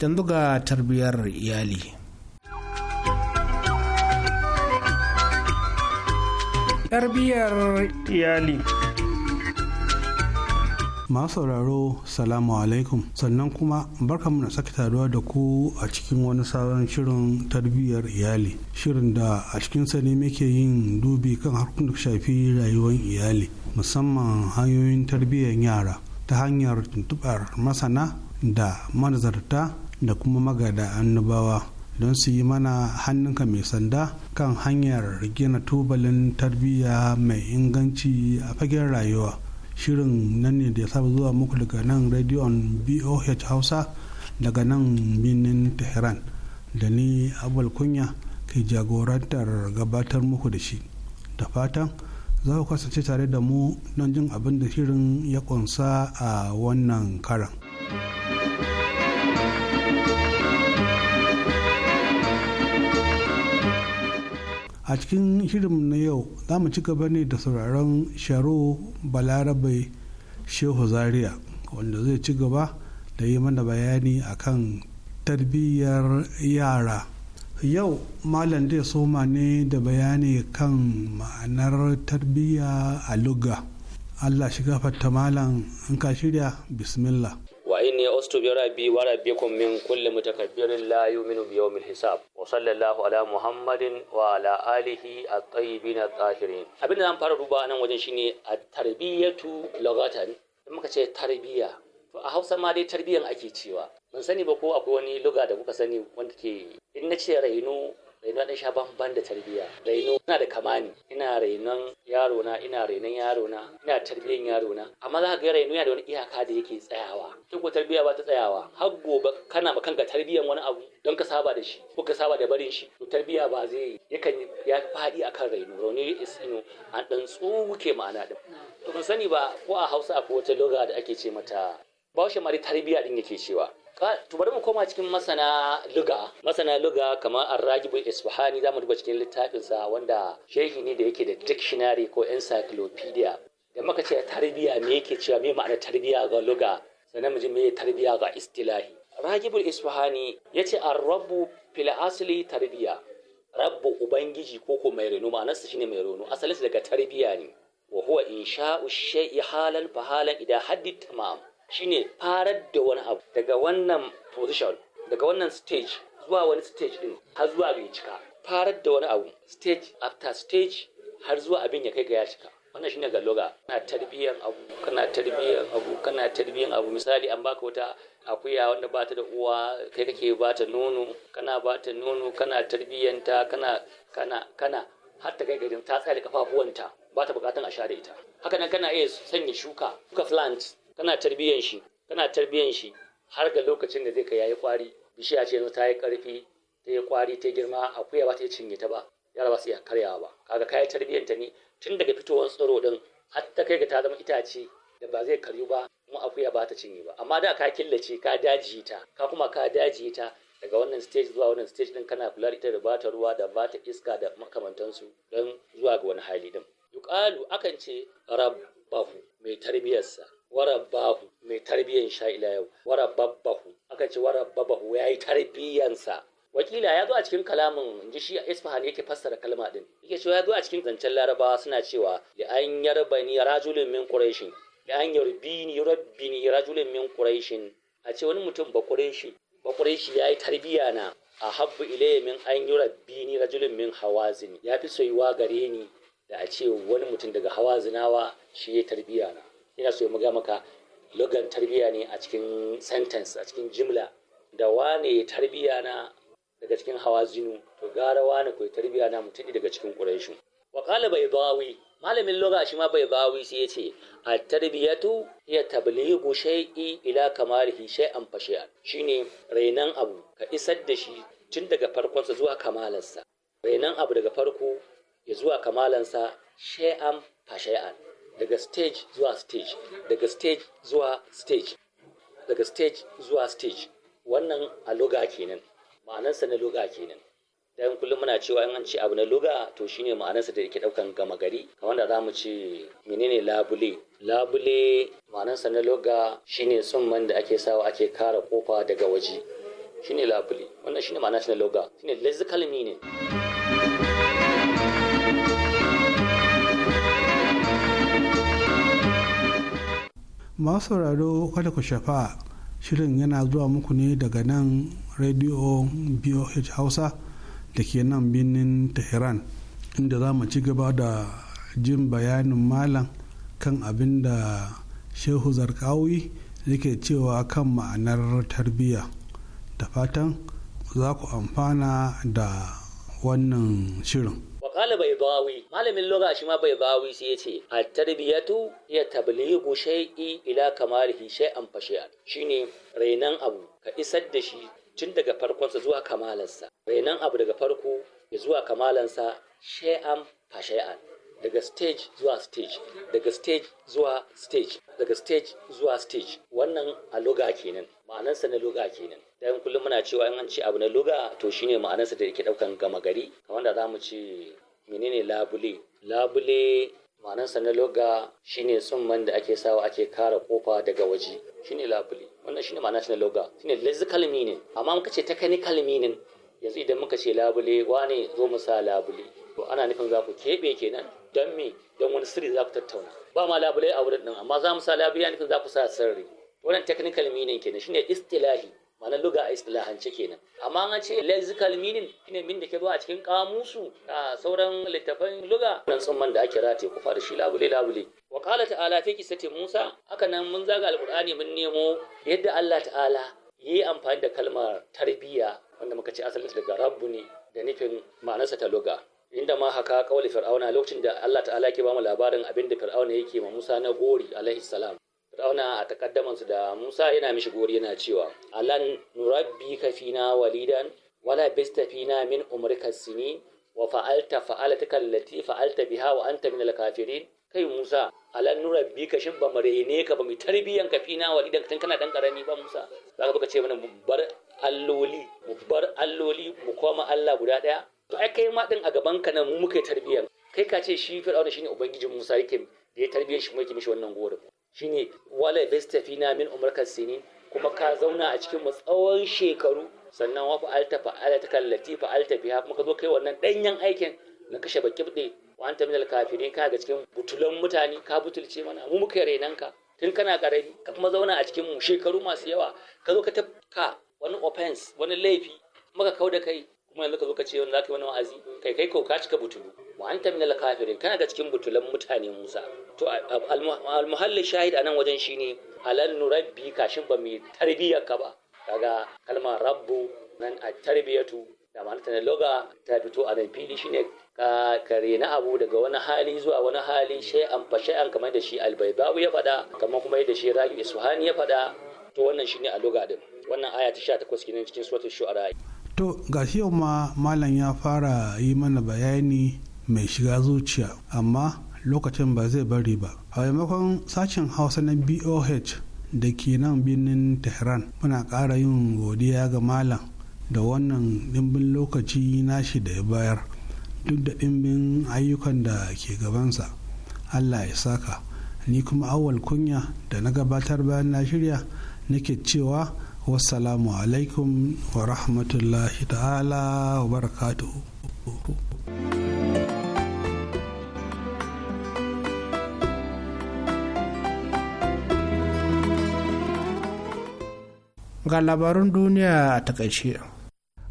Speaker 1: yanzu ga tarbiyyar iyali tarbiyyar iyali
Speaker 9: masu sauraro salamu alaikum sannan kuma barka mu sake taruwa da ku a cikin wani sabon shirin tarbiyyar iyali shirin da a cikin ne muke yin dubi kan harkun da shafi rayuwar iyali musamman hanyoyin tarbiyyar yara ta hanyar tuntubar masana da manazarta da kuma magada annabawa don su yi mana hannunka mai sanda kan hanyar gina tubalin tarbiyya mai inganci a fagen rayuwa shirin nan ne da ya saba zuwa muku daga nan rediyon boh hausa daga nan birnin tehran da ni abul kunya ke jagorantar gabatar muku da shi da fatan za ku kasance tare da mu don jin abin da shirin ya kunsa a wannan karan. a cikin shirin na yau za mu ci gaba ne da sauraron sharo balarabe shehu zaria wanda zai ci gaba da yi mana bayani akan tarbiyyar yara yau malam da soma ne da bayani kan ma'anar tarbiyya a luga allah shiga gafarta malam in ka shirya bismillah
Speaker 10: wa inni ustu bi rabbi wa rabbikum min kulli mutakabbirin la yu'minu bi yawmil hisab wa sallallahu ala muhammadin wa ala alihi at-tayyibin at-tahirin abinda zan fara duba nan wajen shine at-tarbiyatu lughatan in muka ce tarbiya to a Hausa ma dai tarbiyan ake cewa mun sani ba ko akwai wani lugha da kuka sani wanda ke in nace rainu raino ɗan sha ban da tarbiyya raino ina da kamani ina rainon yaro na ina rainon yaro na ina tarbiyyan yaro na amma za ka ga raino yana da wani iyaka da yake tsayawa duk ko tarbiyya ba ta tsayawa har gobe kana ma kanka tarbiyyan wani abu don ka saba da shi ko ka saba da barin shi to tarbiyya ba zai yi yakan ya faɗi akan raino raino is you an dan tsuke ma'ana din to ban sani ba ko a Hausa akwai wata lura da ake ce mata Bahaushe ma dai tarbiyya din yake cewa to bari mu koma cikin masana luga masana luga kamar arrajibu isfahani zamu duba cikin littafinsa wanda shehi ne da yake da dictionary ko encyclopedia da muka ce tarbiya me yake cewa me ma'ana tarbiya ga luga sannan mu ji me tarbiya ga istilahi ragibul isfahani yace ar-rabbu fil asli tarbiya rabbu ubangiji ko ko mai reno sa shine mai reno asalinsa daga tarbiya ne wa huwa insha'u shay'i halan fa halan idan haddi tamam shine farar da wani abu daga wannan position daga wannan stage zuwa wani stage din har zuwa bai cika farar da wani abu stage after stage har zuwa abin ya kai ga ya cika wannan shine ga loga kana tarbiyyar abu kana tarbiyyar abu kana tarbiyyar abu misali an baka wata akuya wanda ba ta da uwa kai kake ba ta nono kana ba ta nono kana tarbiyyanta kana kana kana har ta kai garin ta tsaya da kafafuwanta ba ta bukatun a share ita haka nan kana iya sanya shuka shuka plants kana tarbiyyan shi kana tarbiyyan shi har ga lokacin da zai kai yayi kwari bishiya ce yanzu ta yi karfi ta yi kwari ta girma akuya ba ta cinye ta ba yara ba su iya karyawa ba kaga kai tarbiyyar ta ne tun daga fitowar tsiro din har ta kai ga ta zama itace da ba zai karyu ba kuma akuya ba ta cinye ba amma da ka killace ka daji ta ka kuma ka daji ta daga wannan stage zuwa wannan stage din kana kula ita da bata ruwa da bata iska da makamantansu don zuwa ga wani hali din yuqalu akan ce rabbahu mai tarbiyarsa warabbahu mai tarbiyyar sha ila yau warababahu aka ce ya yi tarbiyyansa wakila ya zo a cikin kalamin inji shi isfahan yake fassara kalma din yake cewa ya zo a cikin zancen larabawa suna cewa da an ni rajulun min quraishin da an rabbi ni rajulun min quraishin a ce wani mutum ba quraishi ba quraishi yayi tarbiyya na
Speaker 11: a habbu ilayya
Speaker 10: min an ni rajulun min hawazin ya fi soyuwa gare ni da a ce wani mutum daga hawazinawa shi ya tarbiyya na ina so mu ga maka logan tarbiya ne a cikin sentence a cikin jimla da wane tarbiya na daga cikin hawazinu to gara wane koyi tarbiya na mutum daga cikin quraishu wa qala bawi malamin loga shi ma bawi sai yace at tarbiyatu hiya tablighu shay'i ila kamalihi shay'an fa shay'an shine rainan abu ka isar da shi tun daga farkonsa zuwa kamalansa rainan abu daga farko ya zuwa kamalansa shay'an fa shay'an daga stage zuwa stage daga stage zuwa stage daga stage zuwa stage wannan a loga kenan ma'anarsa na loga kenan dan kullum muna cewa in an ce abu na loga to shine ma'anarsa da yake daukan gama gari kamar da zamu ce menene labule labule ma'anarsa na loga shine man da ake sawa ake kara kofa daga waje shine labule wannan shine ma'anarsa na loga shine lexical meaning
Speaker 9: masu sauraro kada ku shafa shirin yana zuwa muku ne daga nan radio boh hausa da ke nan birnin tehran inda za mu ci gaba da jin bayanin malam kan abin da shehu zarkawi yake cewa kan ma'anar tarbiyya da fatan za ku amfana da wannan shirin
Speaker 10: wa qala baydawi malamin lugha shi ma baydawi sai yace at tarbiyyatu, ya tabligu shay'i ila kamalihi shay'an fa shay'an shine rainan abu ka isar da shi tun daga farkonsa zuwa kamalansa rainan abu daga farko zuwa kamalansa shay'an fa shay'an daga stage zuwa stage daga stage zuwa stage daga stage zuwa stage wannan a loga kenan ma'anansa na loga kenan dan kullum muna cewa in an ce abu na loga to shine ma'anansa da yake daukan gama gari kamar da zamu ce menene labule labule ma'anansa na loga shine tsumman da ake sawa ake kara kofa daga waje shine labule wannan shine ma'anar na loga shine lexical meaning amma muka ce technical meaning yanzu idan muka ce labule wane zo mu sa labule to ana nufin za ku keɓe kenan don me don wani sirri za ku tattauna ba ma labulai a wurin din amma za mu sa labiya nufin za ku sa sirri wannan technical meaning kenan shine istilahi ma'ana luga a istilahance kenan amma an ce lexical meaning shine min da ke zuwa cikin kamusu a sauran littafan luga nan tsumman da ake rataye ku da shi labule labule wa qala ta'ala fi qissati Musa haka nan mun zaga alqur'ani mun nemo yadda Allah ta'ala ya yi amfani da kalmar tarbiyya, wanda muka ce asalin daga rabbu ne da nufin ma'anarsa ta luga inda ma haka kawali fir'auna lokacin da Allah ta'ala ke ba mu labarin abin da fir'auna yake ma Musa na gori alaihi salam fir'auna a takaddaman su da Musa yana mishi gori yana cewa alan nurabbi kafina walidan wala bistafina min umrika sini wa fa'alta fa'alatuka allati fa'alta biha wa anta min al-kafirin kai Musa alan nurabbi ka shin ba marene ka ba mu tarbiyan ka fina walidan tun kana dan karami ba Musa zaka buka ce mana mu bar alloli mu bar alloli mu koma Allah guda daya to ai kai ma din a gaban ka nan muka yi tarbiyyar kai ka ce shi fir'auna shine ubangijin Musa yake da ya tarbiyyar shi muke mishi wannan gorin shine wala bastafina min umrika sinin kuma ka zauna a cikin mu tsawon shekaru sannan wa fa'alta ta kallati fa'alta biha kuma ka zo kai wannan danyen aikin na kashe baki bude wa anta minal kafirin ka ga cikin butulan mutane ka butulce mana mu muka renan ka tun kana karami ka kuma zauna a cikin mu shekaru masu yawa ka zo ka tafka wani offense wani laifi muka kau da kai kuma yanzu ka zo ka ce wani zaka yi wani wa'azi kai kai ko ka cika butulu wa anta minal kafirin kana ga cikin butulan mutane Musa to almuhalli shahid anan wajen shine alal nurabbi kashin ba mai tarbiyyar ka ba kaga kalmar rabbu nan a tarbiyatu da ma'anarta na loga ta fito a nan fili shine ka kare na abu daga wani hali zuwa wani hali shay'an fa shay'an kamar da shi albaibawi ya faɗa kamar kuma yadda shi rabi isfahani ya faɗa to wannan shine a loga din wannan aya ta 18 kenan cikin suratul shu'ara
Speaker 9: to ga shi yau ma malam ya fara yi mana bayani mai shiga zuciya amma lokacin ba zai bari ba a maimakon sashen hausa na boh da ke nan birnin tehran muna ƙara yin godiya ga malam da wannan dimbin lokaci nashi da ya bayar duk da dimbin ayyukan da ke gabansa allah ya saka ni kuma awal kunya da na gabatar bayan na shirya nake cewa wassalamu alaikum wa rahmatullahi ta'ala wa
Speaker 1: ga labarun duniya a takaice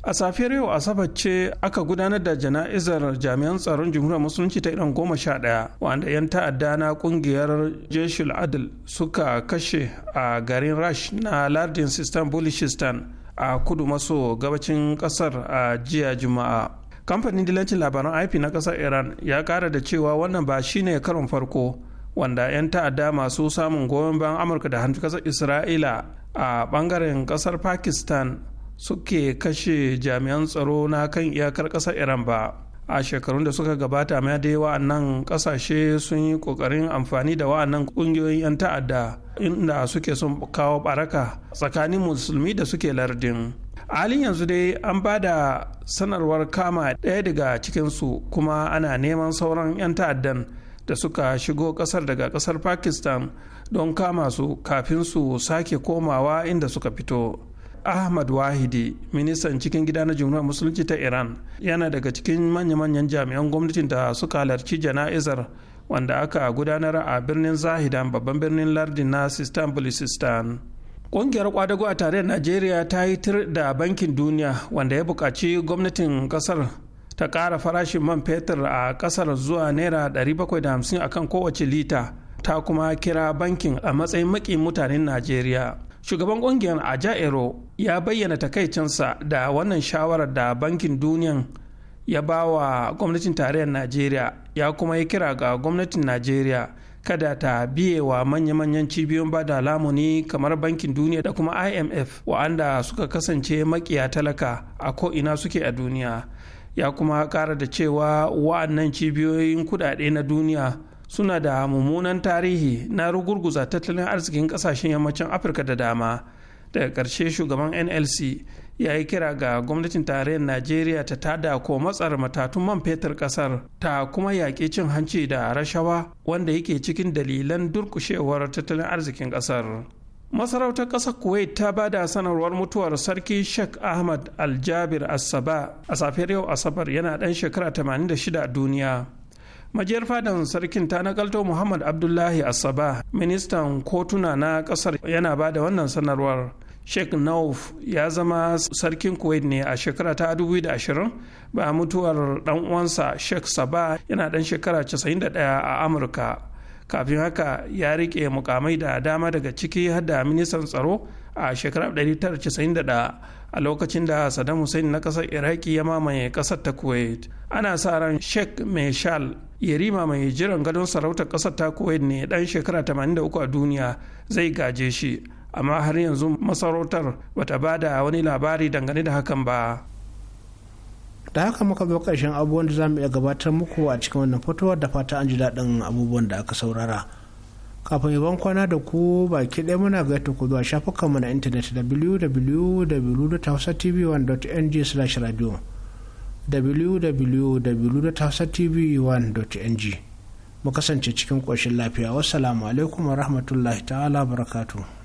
Speaker 4: a safiyar yau asabar ce aka gudanar da jana'izar jami'an tsaron jamhuriyar musulunci ta idan goma sha daya, wanda 'yan ta'adda na kungiyar jeshul adil suka kashe a garin rash na lardin sistan bulishistan a kudu maso gabacin kasar a jiya juma'a kamfanin dilancin labaran ip na kasar iran ya kara da cewa wannan ba shine karon farko wanda 'yan ta'adda masu samun goyon bayan amurka da hantu kasar isra'ila a bangaren kasar pakistan suke kashe jami'an tsaro na kan iyakar ƙasar iran ba a shekarun da suka gabata ma dai wa'annan ƙasashe sun yi ƙoƙarin amfani da wa'annan ƙungiyoyin 'yan ta'adda inda suke sun kawo baraka tsakanin musulmi da suke lardin halin yanzu dai an ba da sanarwar kama ɗaya daga cikinsu kuma ana neman sauran 'yan ta'addan da suka shigo ƙasar daga ƙasar pakistan don kama su kafin su sake komawa inda suka fito ahmad wahidi ministan cikin gida na jumhuriyar musulunci ta iran yana daga cikin manya-manyan jami'an gwamnatin da suka halarci jana'izar wanda aka gudanar a birnin zahidan babban birnin lardin na sistan bulisistan Ƙungiyar kwadago a tarayyar Najeriya ta yi tir da bankin duniya wanda ya buƙaci gwamnatin ƙasar ta ƙara farashin man fetur a ƙasar zuwa naira da 750 akan kowace lita ta kuma kira bankin a matsayin maƙin mutanen Najeriya. Shugaban ƙungiyar Aja Ero ya bayyana takaicinsa da wannan shawarar da bankin duniyan ya ba wa gwamnatin tarayyar najeriya ya kuma yi kira ga gwamnatin najeriya kada ta biye wa manya-manyan cibiyoyin bada lamuni kamar bankin duniya da kuma imf wa'anda suka kasance makiya talaka a ko'ina suke a duniya ya kuma kara da cewa wa'annan cibiyoyin kudade na duniya suna da mummunan tarihi na rugurguza tattalin arzikin kasashen yammacin afirka da dama daga ƙarshe shugaban nlc ya yi kira ga gwamnatin tarayyar najeriya ta tada ko matsar matatun man fetur ƙasar ta kuma yaƙi cin hanci da rashawa wanda yake cikin dalilan durƙushewar tattalin arzikin ƙasar masarautar ƙasar kuwait ta ba da sanarwar mutuwar sarki sheikh ahmad aljabir asaba a safiyar yau asabar yana ɗan shekara 86 a duniya majiyar fadan sarkin ta nakalto muhammad abdullahi asaba ministan kotuna na kasar yana ba da wannan sanarwar sheikh nauf ya zama sarkin kuwait ne a shekara ta 2020 ba mutuwar dan uwansa sheikh saba yana dan shekara 91 a amurka kafin haka ya rike mukamai da dama daga ciki har ministan tsaro a shekarar 1991 a lokacin da saddam hussein na kasar iraki ya mamaye kasar ta kuwait ana sa ran sheikh meshal yarima mai jiran gadon sarautar kasar ta kuwait ne dan shekara 83 a duniya zai gaje shi amma har yanzu masarautar bata ba da wani labari dangane da hakan ba
Speaker 1: da haka muka zo ƙarshen abubuwan da za mu iya gabatar muku a cikin wannan fatowar da fata an ji daɗin abubuwan da aka saurara kafin yaban kwana da ku baki ɗaya muna gaita ku zuwa mu na intanet www.hausatv1.ng slash radio www.hausatv1.ng mu kasance cikin ƙoshin lafiya wasu alaikum wa rahmatullahi ta'ala barakatu.